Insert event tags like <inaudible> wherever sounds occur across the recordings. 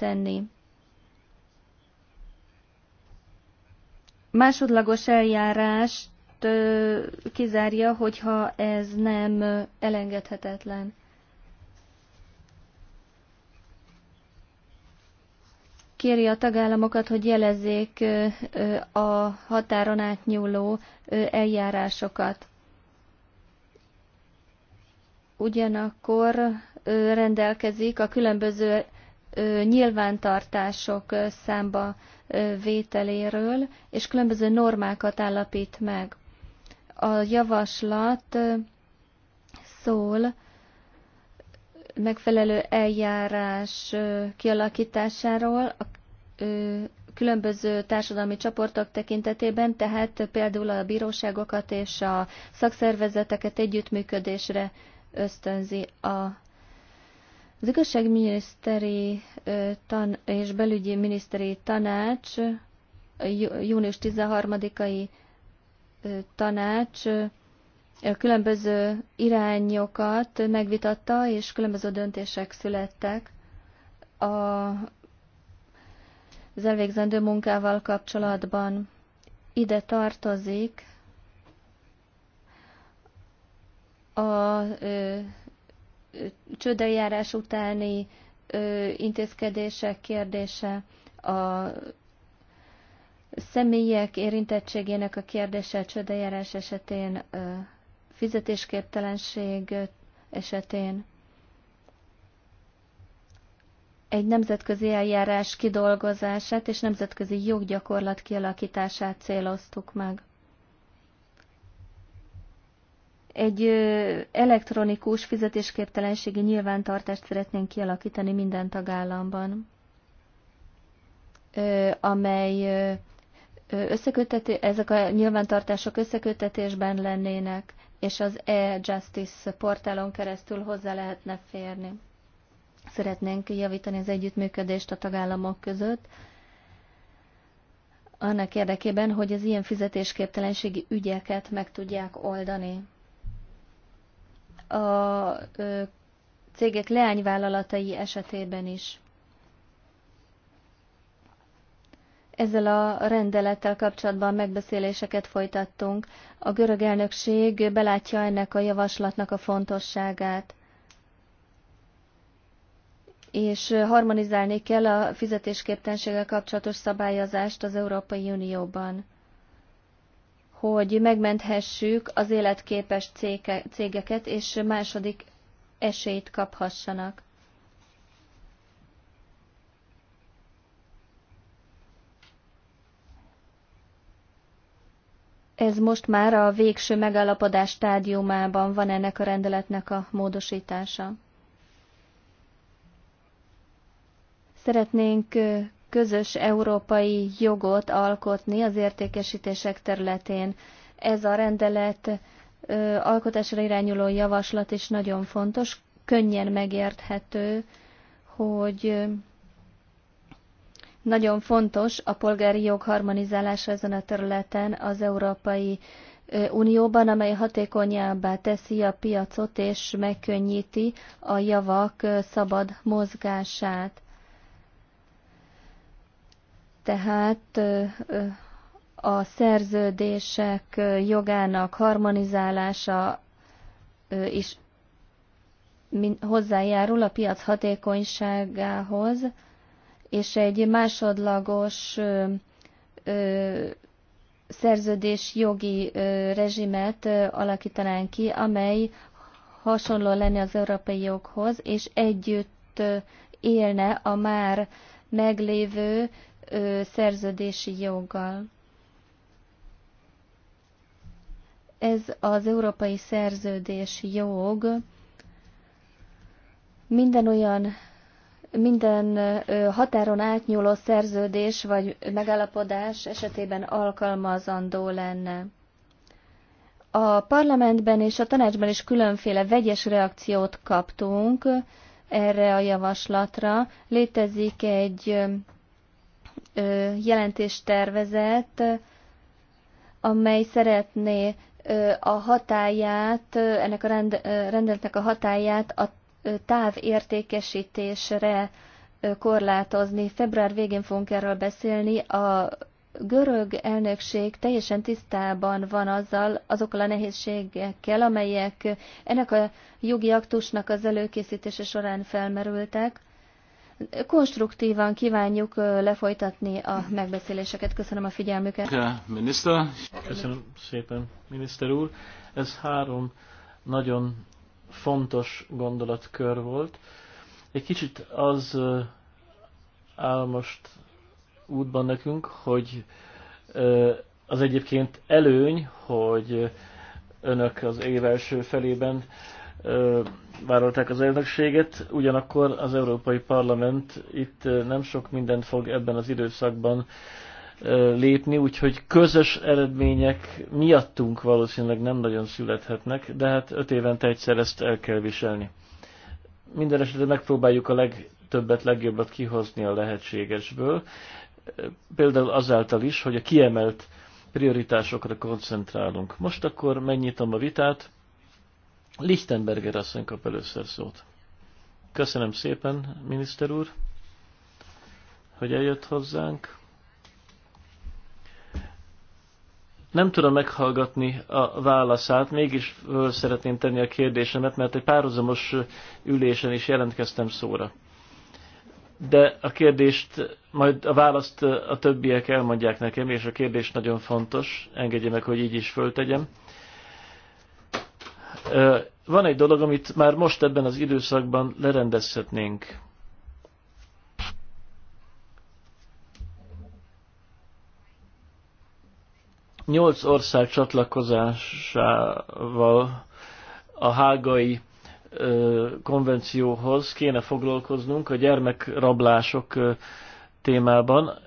tenni. Másodlagos eljárást kizárja, hogyha ez nem elengedhetetlen. kéri a tagállamokat, hogy jelezzék a határon átnyúló eljárásokat. Ugyanakkor rendelkezik a különböző nyilvántartások számba vételéről, és különböző normákat állapít meg. A javaslat szól megfelelő eljárás kialakításáról a különböző társadalmi csoportok tekintetében, tehát például a bíróságokat és a szakszervezeteket együttműködésre ösztönzi a az igazságminiszteri tan és belügyi miniszteri tanács, június 13-ai tanács különböző irányokat megvitatta, és különböző döntések születtek a, az elvégzendő munkával kapcsolatban. Ide tartozik a csődeljárás utáni intézkedések kérdése, a személyek érintettségének a kérdése csődeljárás esetén, fizetésképtelenség esetén. Egy nemzetközi eljárás kidolgozását és nemzetközi joggyakorlat kialakítását céloztuk meg egy elektronikus fizetésképtelenségi nyilvántartást szeretnénk kialakítani minden tagállamban, amely összeköttetés, ezek a nyilvántartások összeköttetésben lennének, és az e-justice portálon keresztül hozzá lehetne férni. Szeretnénk javítani az együttműködést a tagállamok között, annak érdekében, hogy az ilyen fizetésképtelenségi ügyeket meg tudják oldani a cégek leányvállalatai esetében is. Ezzel a rendelettel kapcsolatban megbeszéléseket folytattunk. A görög elnökség belátja ennek a javaslatnak a fontosságát és harmonizálni kell a fizetésképtelenséggel kapcsolatos szabályozást az Európai Unióban hogy megmenthessük az életképes cégeket, és második esélyt kaphassanak. Ez most már a végső megalapodás stádiumában van ennek a rendeletnek a módosítása. Szeretnénk közös európai jogot alkotni az értékesítések területén. Ez a rendelet alkotásra irányuló javaslat is nagyon fontos, könnyen megérthető, hogy nagyon fontos a polgári jog harmonizálása ezen a területen az Európai Unióban, amely hatékonyabbá teszi a piacot és megkönnyíti a javak szabad mozgását. Tehát a szerződések jogának harmonizálása is hozzájárul a piac hatékonyságához, és egy másodlagos szerződés jogi rezsimet alakítanánk ki, amely hasonló lenne az európai joghoz, és együtt élne a már meglévő szerződési joggal. Ez az európai szerződési jog minden olyan minden határon átnyúló szerződés vagy megállapodás esetében alkalmazandó lenne. A parlamentben és a tanácsban is különféle vegyes reakciót kaptunk erre a javaslatra. Létezik egy jelentéstervezet, amely szeretné a hatáját, ennek a rend, rendeletnek a hatáját a távértékesítésre korlátozni. Február végén fogunk erről beszélni. A görög elnökség teljesen tisztában van azzal, azokkal a nehézségekkel, amelyek ennek a jogi aktusnak az előkészítése során felmerültek konstruktívan kívánjuk lefolytatni a megbeszéléseket. Köszönöm a figyelmüket. Köszönöm szépen, miniszter úr. Ez három nagyon fontos gondolatkör volt. Egy kicsit az áll most útban nekünk, hogy az egyébként előny, hogy önök az év első felében vállalták az elnökséget, ugyanakkor az Európai Parlament itt nem sok mindent fog ebben az időszakban lépni, úgyhogy közös eredmények miattunk valószínűleg nem nagyon születhetnek, de hát öt évente egyszer ezt el kell viselni. Minden esetre megpróbáljuk a legtöbbet, legjobbat kihozni a lehetségesből, például azáltal is, hogy a kiemelt prioritásokra koncentrálunk. Most akkor megnyitom a vitát Lichtenberger asszony kap először szót. Köszönöm szépen, miniszter úr, hogy eljött hozzánk. Nem tudom meghallgatni a válaszát, mégis szeretném tenni a kérdésemet, mert egy párhuzamos ülésen is jelentkeztem szóra. De a kérdést, majd a választ a többiek elmondják nekem, és a kérdés nagyon fontos, engedje meg, hogy így is föltegyem. Van egy dolog, amit már most ebben az időszakban lerendezhetnénk. Nyolc ország csatlakozásával a hágai konvencióhoz kéne foglalkoznunk a gyermekrablások témában.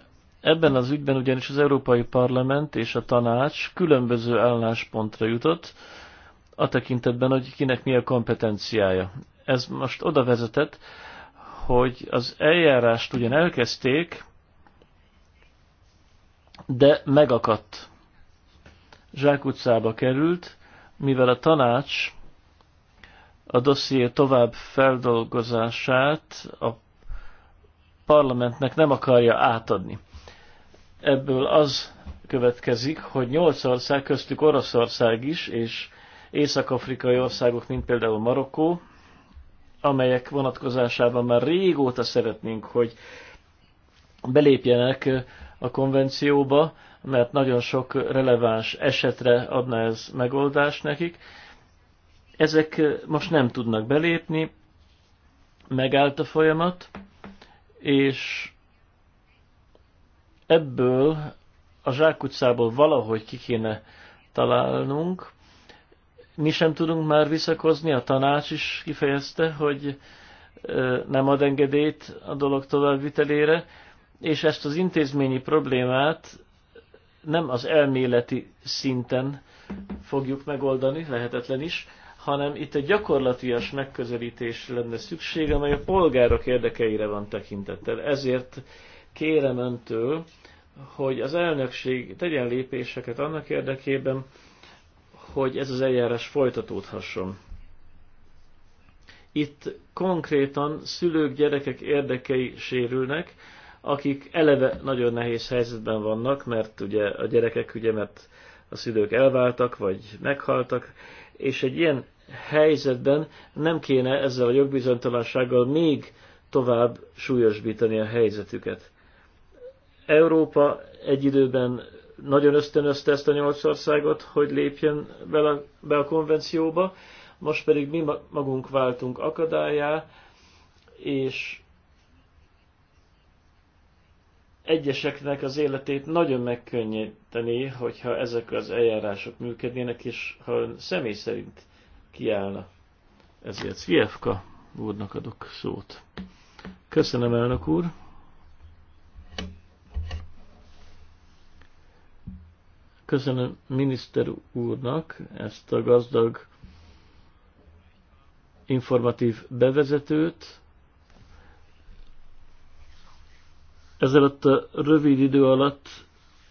Ebben az ügyben ugyanis az Európai Parlament és a Tanács különböző álláspontra jutott, a tekintetben, hogy kinek mi a kompetenciája. Ez most oda vezetett, hogy az eljárást ugyan elkezdték, de megakadt. Zsákutcába került, mivel a tanács a dosszié tovább feldolgozását a parlamentnek nem akarja átadni. Ebből az következik, hogy nyolc ország, köztük Oroszország is, és észak-afrikai országok, mint például Marokkó, amelyek vonatkozásában már régóta szeretnénk, hogy belépjenek a konvencióba, mert nagyon sok releváns esetre adna ez megoldást nekik. Ezek most nem tudnak belépni, megállt a folyamat, és ebből a zsákutcából valahogy ki kéne találnunk mi sem tudunk már visszakozni, a tanács is kifejezte, hogy nem ad engedélyt a dolog továbbvitelére, és ezt az intézményi problémát nem az elméleti szinten fogjuk megoldani, lehetetlen is, hanem itt egy gyakorlatias megközelítés lenne szükség, amely a polgárok érdekeire van tekintettel. Ezért kérem öntől, hogy az elnökség tegyen lépéseket annak érdekében, hogy ez az eljárás folytatódhasson. Itt konkrétan szülők, gyerekek érdekei sérülnek, akik eleve nagyon nehéz helyzetben vannak, mert ugye a gyerekek, ugye, mert a szülők elváltak, vagy meghaltak, és egy ilyen helyzetben nem kéne ezzel a jogbizonytalansággal még tovább súlyosbítani a helyzetüket. Európa egy időben nagyon ösztönözte ezt a nyolc országot, hogy lépjen be a, be a konvencióba, most pedig mi magunk váltunk akadályá, és egyeseknek az életét nagyon megkönnyíteni, hogyha ezek az eljárások működnének, és ha ön személy szerint kiállna. Ezért Szvijevka úrnak adok szót. Köszönöm, elnök úr! Köszönöm miniszter úrnak ezt a gazdag informatív bevezetőt. Ezelőtt a rövid idő alatt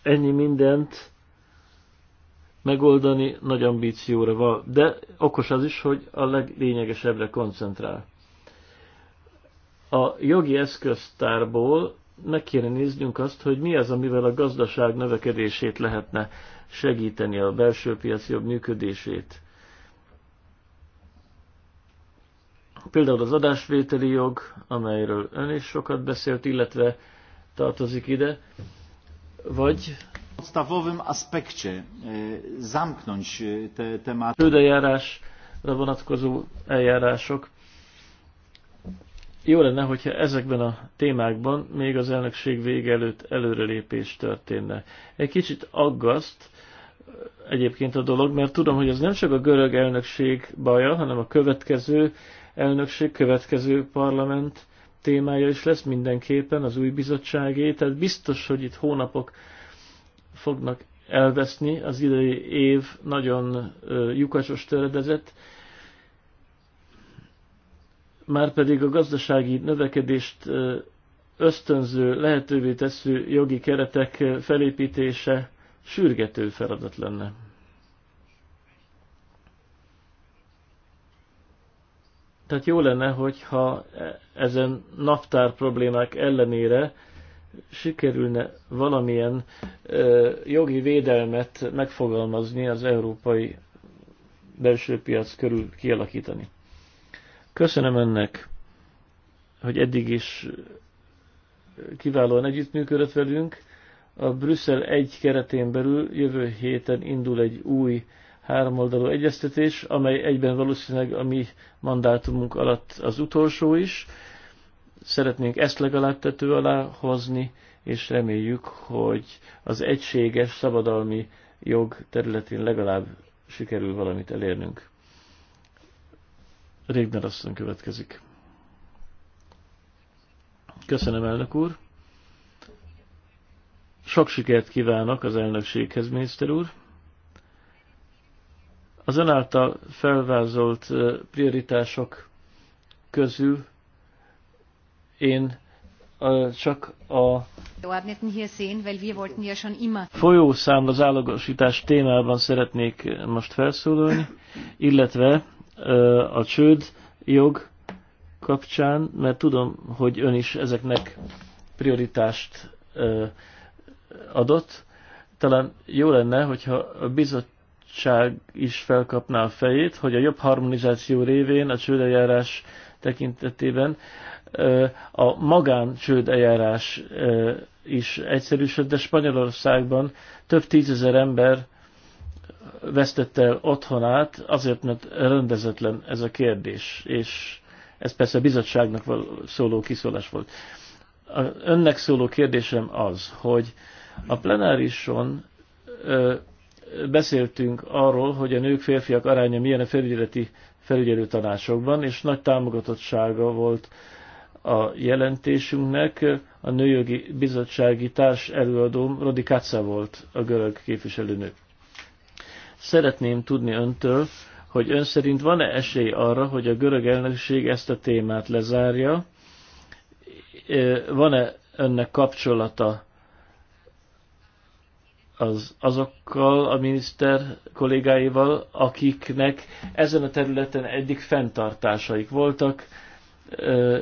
ennyi mindent megoldani nagy ambícióra van, de okos az is, hogy a leglényegesebbre koncentrál. A jogi eszköztárból meg kéne néznünk azt, hogy mi az, amivel a gazdaság növekedését lehetne segíteni, a belső piac jobb működését. Például az adásvételi jog, amelyről ön is sokat beszélt, illetve tartozik ide, vagy podstawowym aspekcie e, zamknąć e, te tematy. Tődejárásra vonatkozó eljárások. Jó lenne, hogyha ezekben a témákban még az elnökség vége előtt előrelépés történne. Egy kicsit aggaszt eh, egyébként a dolog, mert tudom, hogy ez nem csak a görög elnökség baja, hanem a következő elnökség, következő parlament témája is lesz mindenképpen, az új bizottságé, tehát biztos, hogy itt hónapok fognak elveszni, az idei év nagyon eh, lyukasos töredezett, márpedig a gazdasági növekedést ösztönző, lehetővé tesző jogi keretek felépítése sürgető feladat lenne. Tehát jó lenne, hogyha e, ezen naptár problémák ellenére sikerülne valamilyen ö, jogi védelmet megfogalmazni az európai belső piac körül kialakítani. Köszönöm önnek, hogy eddig is kiválóan együttműködött velünk. A Brüsszel egy keretén belül jövő héten indul egy új háromoldalú egyeztetés, amely egyben valószínűleg a mi mandátumunk alatt az utolsó is. Szeretnénk ezt legalább tető alá hozni, és reméljük, hogy az egységes szabadalmi jog területén legalább sikerül valamit elérnünk. Régner asszony következik. Köszönöm, elnök úr. Sok sikert kívánok az elnökséghez, miniszter úr. Az ön által felvázolt prioritások közül én csak a folyószámla zálogosítás témában szeretnék most felszólalni, illetve a csőd jog kapcsán, mert tudom, hogy ön is ezeknek prioritást adott. Talán jó lenne, hogyha a bizottság is felkapná a fejét, hogy a jobb harmonizáció révén a csődeljárás tekintetében a magán csődeljárás is egyszerűsöd, de Spanyolországban több tízezer ember vesztette el otthonát, azért, mert rendezetlen ez a kérdés, és ez persze a bizottságnak szóló kiszólás volt. A önnek szóló kérdésem az, hogy a plenárison ö, beszéltünk arról, hogy a nők férfiak aránya milyen a felügyeleti felügyelő tanácsokban, és nagy támogatottsága volt a jelentésünknek. A Nőjogi Bizottsági társ előadóm Rodi Kaca volt a görög képviselőnő. Szeretném tudni öntől, hogy ön szerint van-e esély arra, hogy a görög elnökség ezt a témát lezárja? E, van-e önnek kapcsolata az, azokkal a miniszter kollégáival, akiknek ezen a területen eddig fenntartásaik voltak? E,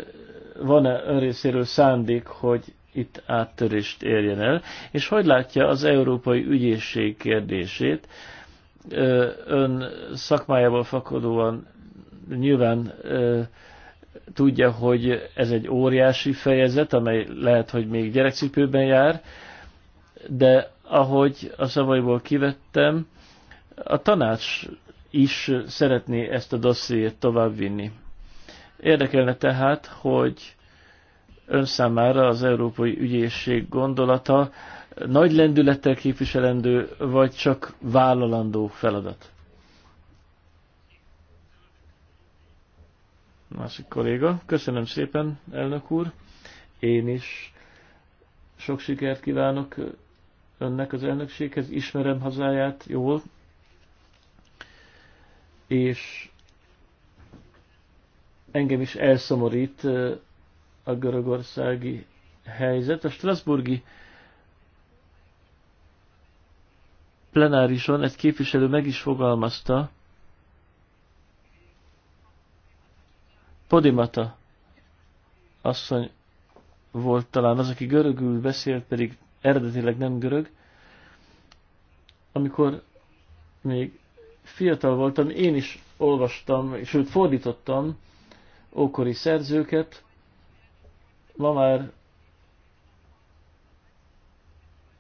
van-e ön részéről szándék, hogy itt áttörést érjen el? És hogy látja az Európai Ügyészség kérdését? ön szakmájából fakadóan nyilván tudja, hogy ez egy óriási fejezet, amely lehet, hogy még gyerekcipőben jár, de ahogy a szavaiból kivettem, a tanács is szeretné ezt a dossziét továbbvinni. Érdekelne tehát, hogy ön számára az Európai Ügyészség gondolata nagy lendülettel képviselendő, vagy csak vállalandó feladat? Másik kolléga. Köszönöm szépen, elnök úr. Én is sok sikert kívánok önnek az elnökséghez. Ismerem hazáját jól, és engem is elszomorít a görögországi helyzet. A Strasburgi plenárison egy képviselő meg is fogalmazta, Podimata asszony volt talán az, aki görögül beszélt, pedig eredetileg nem görög. Amikor még fiatal voltam, én is olvastam, és őt fordítottam ókori szerzőket. Ma már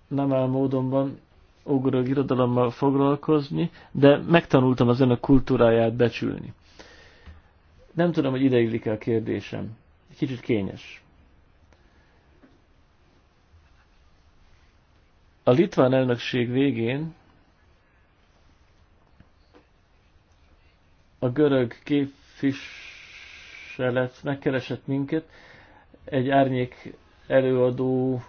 nem áll módonban ugró irodalommal foglalkozni, de megtanultam az önök kultúráját becsülni. Nem tudom, hogy ideiglik -e a kérdésem. Kicsit kényes. A litván elnökség végén a görög képviselet megkeresett minket, egy árnyék előadó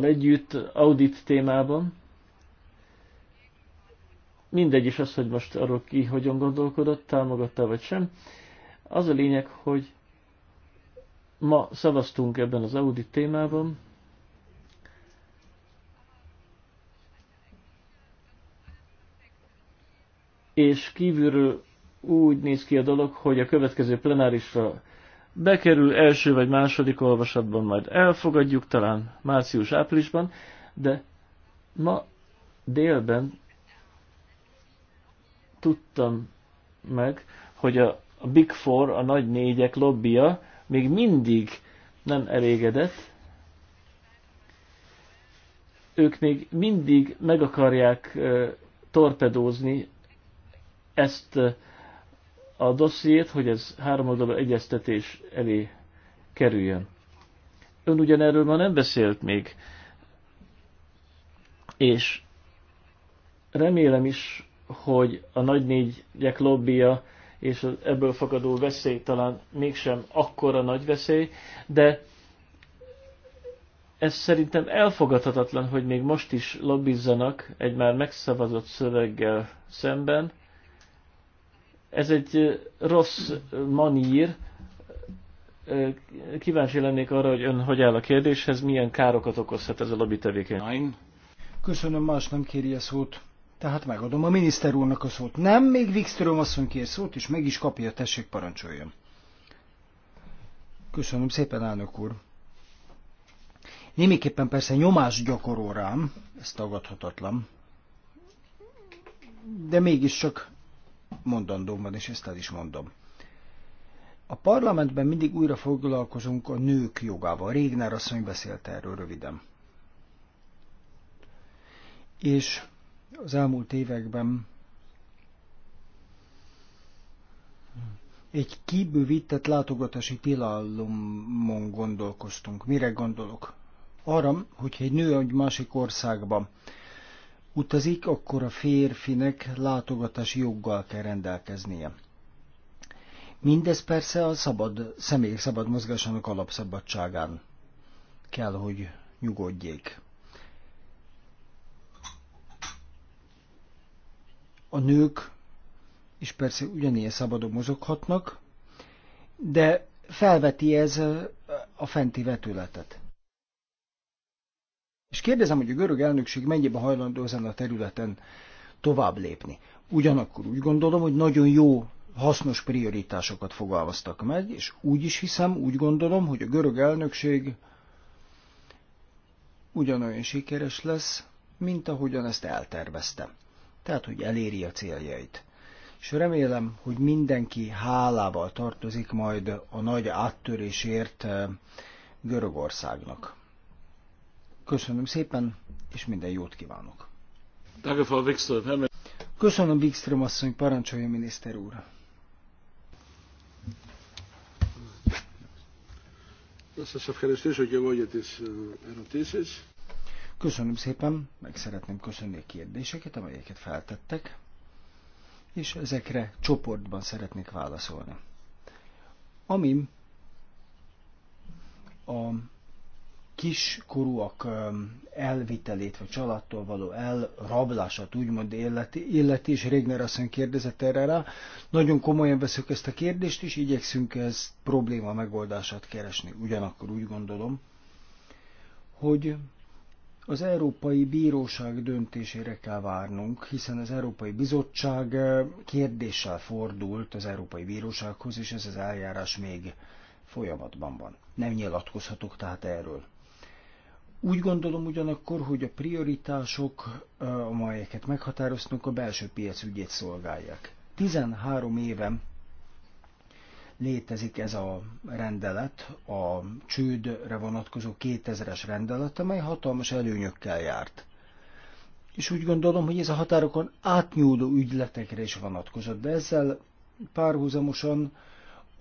témával együtt, audit témában. Mindegy is az, hogy most arról ki hogyan gondolkodott, támogatta vagy sem. Az a lényeg, hogy ma szavaztunk ebben az audit témában, és kívülről úgy néz ki a dolog, hogy a következő plenárisra bekerül első vagy második olvasatban, majd elfogadjuk talán március-áprilisban, de ma délben tudtam meg, hogy a, Big Four, a nagy négyek lobbia még mindig nem elégedett, ők még mindig meg akarják torpedózni ezt a dossziét, hogy ez háromoldalú egyeztetés elé kerüljön. Ön ugyanerről ma nem beszélt még, és remélem is, hogy a nagy négyek lobbija és az ebből fakadó veszély talán mégsem akkora nagy veszély, de ez szerintem elfogadhatatlan, hogy még most is lobbizzanak egy már megszavazott szöveggel szemben, ez egy rossz manír. Kíváncsi lennék arra, hogy ön hogy áll a kérdéshez, milyen károkat okozhat ez a lobby tevékenység. Köszönöm, más nem kéri a szót. Tehát megadom a miniszter úrnak a szót. Nem, még Wikström asszony kér szót, és meg is kapja, tessék parancsoljon. Köszönöm szépen, elnök úr. Némiképpen persze nyomás gyakorol rám, ez tagadhatatlan. De mégiscsak mondandómban, és ezt el is mondom. A parlamentben mindig újra foglalkozunk a nők jogával. Régner asszony beszélt erről röviden. És az elmúlt években egy kibővített látogatási tilalomon gondolkoztunk. Mire gondolok? Arra, hogyha egy nő egy másik országban utazik, akkor a férfinek látogatási joggal kell rendelkeznie. Mindez persze a szabad, személyek szabad mozgásának alapszabadságán kell, hogy nyugodjék. A nők is persze ugyanilyen szabadon mozoghatnak, de felveti ez a fenti vetületet. És kérdezem, hogy a görög elnökség mennyiben hajlandó ezen a területen tovább lépni. Ugyanakkor úgy gondolom, hogy nagyon jó, hasznos prioritásokat fogalmaztak meg, és úgy is hiszem, úgy gondolom, hogy a görög elnökség ugyanolyan sikeres lesz, mint ahogyan ezt eltervezte. Tehát, hogy eléri a céljait. És remélem, hogy mindenki hálával tartozik majd a nagy áttörésért eh, Görögországnak. Köszönöm szépen, és minden jót kívánok. Köszönöm, Wikström asszony, parancsolja miniszter úr. Köszönöm szépen, meg szeretném köszönni a kérdéseket, amelyeket feltettek, és ezekre csoportban szeretnék válaszolni. Amim a kiskorúak elvitelét, vagy családtól való elrablását úgymond illeti, illeti és Régner asszony kérdezett erre rá. Nagyon komolyan veszük ezt a kérdést, és igyekszünk ez probléma megoldását keresni. Ugyanakkor úgy gondolom, hogy az Európai Bíróság döntésére kell várnunk, hiszen az Európai Bizottság kérdéssel fordult az Európai Bírósághoz, és ez az eljárás még folyamatban van. Nem nyilatkozhatok tehát erről. Úgy gondolom ugyanakkor, hogy a prioritások, amelyeket meghatároztunk, a belső piac ügyét szolgálják. 13 éve létezik ez a rendelet, a csődre vonatkozó 2000-es rendelet, amely hatalmas előnyökkel járt. És úgy gondolom, hogy ez a határokon átnyúló ügyletekre is vonatkozott, de ezzel párhuzamosan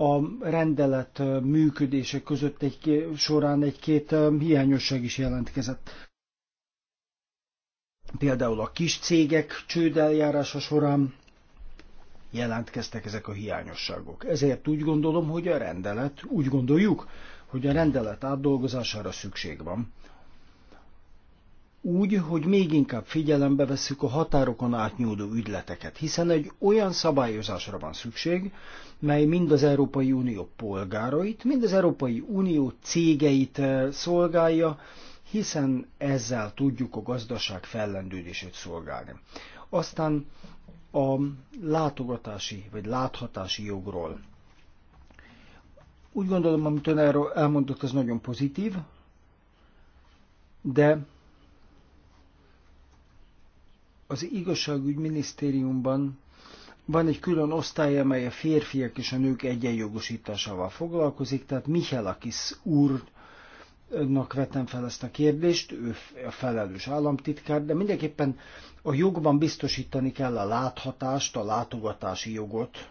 a rendelet működése között egy, során egy-két hiányosság is jelentkezett. Például a kis cégek csődeljárása során jelentkeztek ezek a hiányosságok. Ezért úgy gondolom, hogy a rendelet, úgy gondoljuk, hogy a rendelet átdolgozására szükség van úgy, hogy még inkább figyelembe vesszük a határokon átnyúló ügyleteket, hiszen egy olyan szabályozásra van szükség, mely mind az Európai Unió polgárait, mind az Európai Unió cégeit eh, szolgálja, hiszen ezzel tudjuk a gazdaság fellendődését szolgálni. Aztán a látogatási vagy láthatási jogról. Úgy gondolom, amit ön erről elmondott, az nagyon pozitív, de az igazságügyminisztériumban van egy külön osztály, amely a férfiak és a nők egyenjogosításával foglalkozik, tehát Michelakis úr nak vettem fel ezt a kérdést, ő a felelős államtitkár, de mindenképpen a jogban biztosítani kell a láthatást, a látogatási jogot.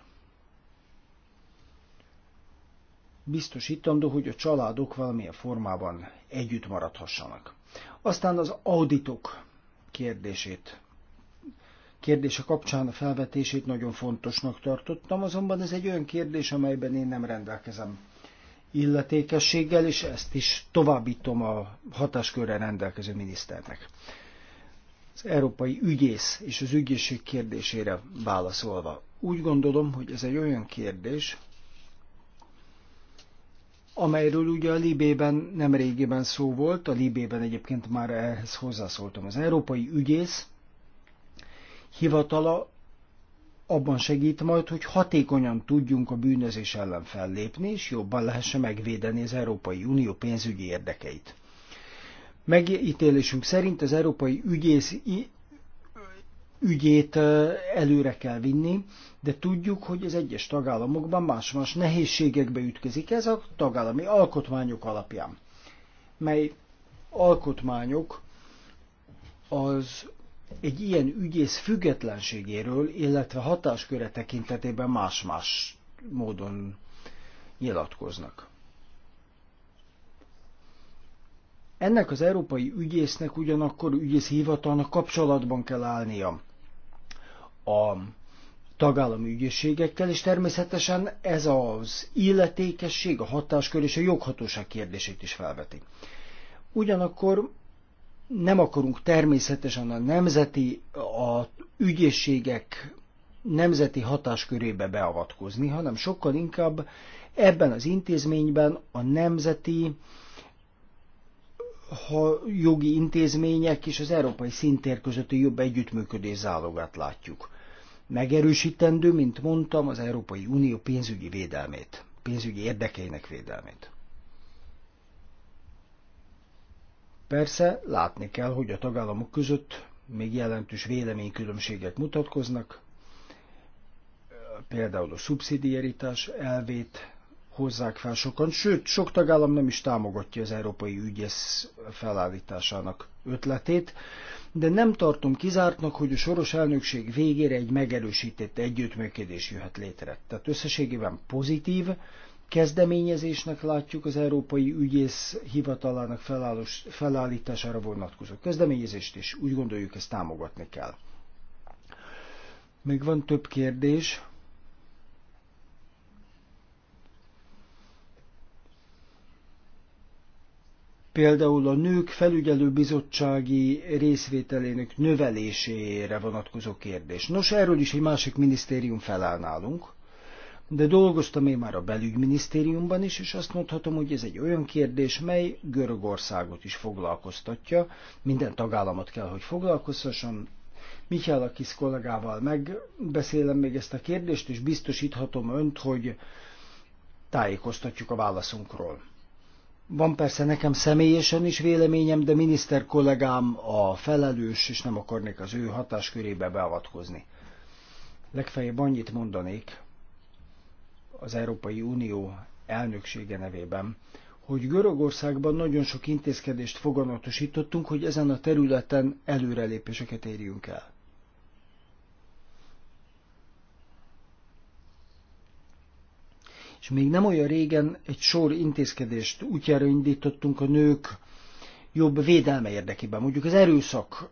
Biztosítandó, hogy a családok valamilyen formában együtt maradhassanak. Aztán az auditok kérdését kérdése kapcsán a felvetését nagyon fontosnak tartottam, azonban ez egy olyan kérdés, amelyben én nem rendelkezem illetékességgel, és ezt is továbbítom a hatáskörre rendelkező miniszternek. Az európai ügyész és az ügyészség kérdésére válaszolva. Úgy gondolom, hogy ez egy olyan kérdés, amelyről ugye a Libében nem régiben szó volt, a Libében egyébként már ehhez hozzászóltam. Az európai ügyész hivatala abban segít majd, hogy hatékonyan tudjunk a bűnözés ellen fellépni, és jobban lehessen megvédeni az Európai Unió pénzügyi érdekeit. Megítélésünk szerint az Európai Ügyész ügyét előre kell vinni, de tudjuk, hogy az egyes tagállamokban más-más nehézségekbe ütközik ez a tagállami alkotmányok alapján, mely alkotmányok az egy ilyen ügyész függetlenségéről, illetve hatásköre tekintetében más-más módon nyilatkoznak. Ennek az európai ügyésznek ugyanakkor ügyész hivatalnak kapcsolatban kell állnia a tagállami ügyészségekkel, és természetesen ez az illetékesség, a hatáskör és a joghatóság kérdését is felveti. Ugyanakkor nem akarunk természetesen a nemzeti, a ügyészségek nemzeti hatáskörébe beavatkozni, hanem sokkal inkább ebben az intézményben a nemzeti ha jogi intézmények és az európai szintér közötti jobb együttműködés zálogát látjuk. Megerősítendő, mint mondtam, az Európai Unió pénzügyi védelmét, pénzügyi érdekeinek védelmét. Persze látni kell, hogy a tagállamok között még jelentős véleménykülönbségek mutatkoznak, például a szubszidiaritás elvét hozzák fel sokan, sőt, sok tagállam nem is támogatja az európai ügyes felállításának ötletét, de nem tartom kizártnak, hogy a soros elnökség végére egy megerősített együttműködés jöhet létre. Tehát összességében pozitív, kezdeményezésnek látjuk az Európai Ügyész Hivatalának felállós, felállítására vonatkozó kezdeményezést, és úgy gondoljuk, ezt támogatni kell. Még van több kérdés. Például a nők felügyelőbizottsági részvételének növelésére vonatkozó kérdés. Nos, erről is egy másik minisztérium felállnálunk. nálunk de dolgoztam én már a belügyminisztériumban is, és azt mondhatom, hogy ez egy olyan kérdés, mely Görögországot is foglalkoztatja, minden tagállamot kell, hogy foglalkoztasson. Mihály a kis kollégával megbeszélem még ezt a kérdést, és biztosíthatom önt, hogy tájékoztatjuk a válaszunkról. Van persze nekem személyesen is véleményem, de miniszter kollégám a felelős, és nem akarnék az ő hatáskörébe beavatkozni. Legfeljebb annyit mondanék, az Európai Unió elnöksége nevében, hogy Görögországban nagyon sok intézkedést foganatosítottunk, hogy ezen a területen előrelépéseket érjünk el. És még nem olyan régen egy sor intézkedést útjára indítottunk a nők jobb védelme érdekében, mondjuk az erőszak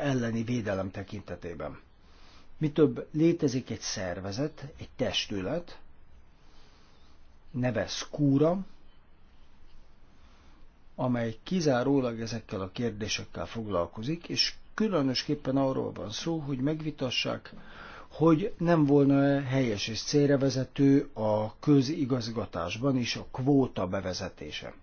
elleni védelem tekintetében. Mi több, létezik egy szervezet, egy testület, neve Skúra, amely kizárólag ezekkel a kérdésekkel foglalkozik, és különösképpen arról van szó, hogy megvitassák, hogy nem volna -e helyes és célrevezető a közigazgatásban is a kvóta bevezetése.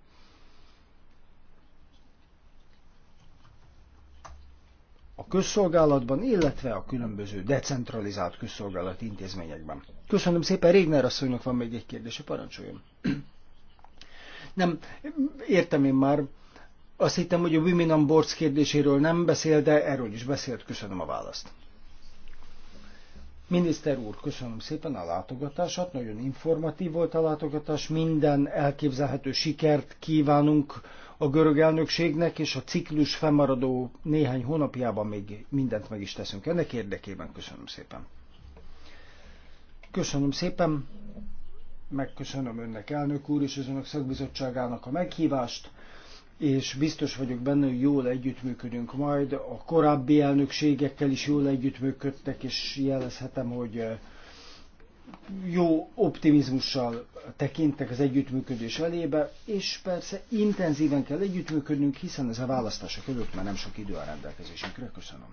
a közszolgálatban, illetve a különböző decentralizált közszolgálati intézményekben. Köszönöm szépen, Régner asszonynak van még egy kérdése, parancsoljon. <clears throat> Nem, értem én már, azt hittem, hogy a Women on Boards kérdéséről nem beszél, de erről is beszélt, köszönöm a választ. Miniszter úr, köszönöm szépen a látogatását, nagyon informatív volt a látogatás, minden elképzelhető sikert kívánunk a görög elnökségnek, és a ciklus fennmaradó néhány hónapjában még mindent meg is teszünk. Ennek érdekében köszönöm szépen. Köszönöm szépen, megköszönöm önnek, elnök úr, és az önök szakbizottságának a meghívást, és biztos vagyok benne, hogy jól együttműködünk majd. A korábbi elnökségekkel is jól együttműködtek, és jelezhetem, hogy jó optimizmussal tekintek az együttműködés elébe, és persze intenzíven kell együttműködnünk, hiszen ez a választások előtt már nem sok idő a rendelkezésünkre. Köszönöm.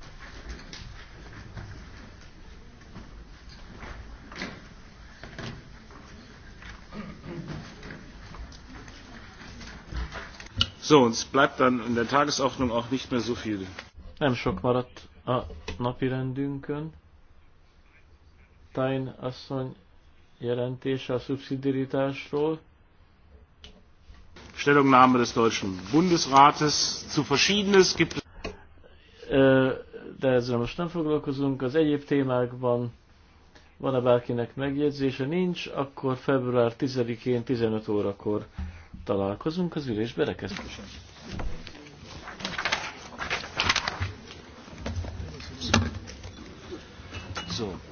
So, es bleibt dann in der Tagesordnung auch nicht mehr so viel. Nem sok maradt a napi rendünkön. Stein asszony jelentése a szubszidiaritásról. Stellungnahme des Deutschen Bundesrates zu verschiedenes gibt De ezzel most nem foglalkozunk. Az egyéb témákban van-e bárkinek megjegyzése? Nincs, akkor február 10-én 15 órakor találkozunk az ülésbe. berekeztésén. So.